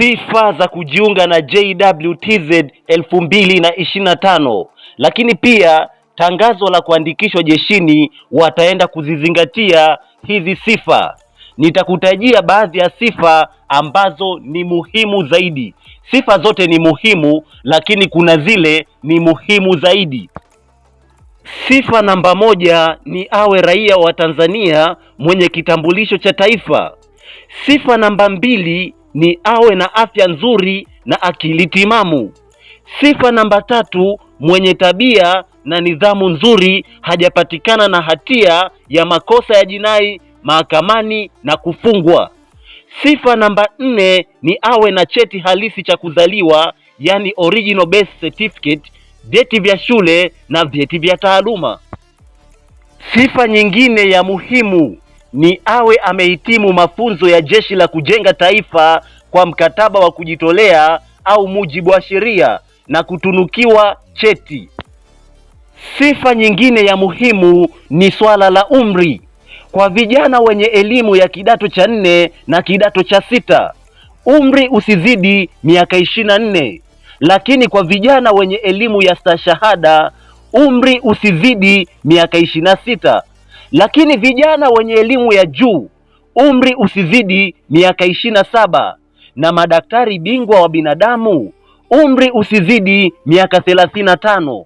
sifa za kujiunga na JWTZ 2025 lakini pia tangazo la kuandikishwa jeshini wataenda kuzizingatia hizi sifa. Nitakutajia baadhi ya sifa ambazo ni muhimu zaidi. Sifa zote ni muhimu, lakini kuna zile ni muhimu zaidi. Sifa namba moja ni awe raia wa Tanzania mwenye kitambulisho cha taifa. Sifa namba mbili ni awe na afya nzuri na akili timamu. Sifa namba tatu, mwenye tabia na nidhamu nzuri, hajapatikana na hatia ya makosa ya jinai mahakamani na kufungwa. Sifa namba nne ni awe na cheti halisi cha kuzaliwa, yani original birth certificate, vyeti vya shule na vyeti vya taaluma. Sifa nyingine ya muhimu ni awe amehitimu mafunzo ya Jeshi la Kujenga Taifa kwa mkataba wa kujitolea au mujibu wa sheria na kutunukiwa cheti. Sifa nyingine ya muhimu ni swala la umri. Kwa vijana wenye elimu ya kidato cha nne na kidato cha sita, umri usizidi miaka ishirini na nne, lakini kwa vijana wenye elimu ya stashahada umri usizidi miaka ishirini na sita lakini vijana wenye elimu ya juu umri usizidi miaka ishirini na saba na madaktari bingwa wa binadamu umri usizidi miaka thelathini na tano.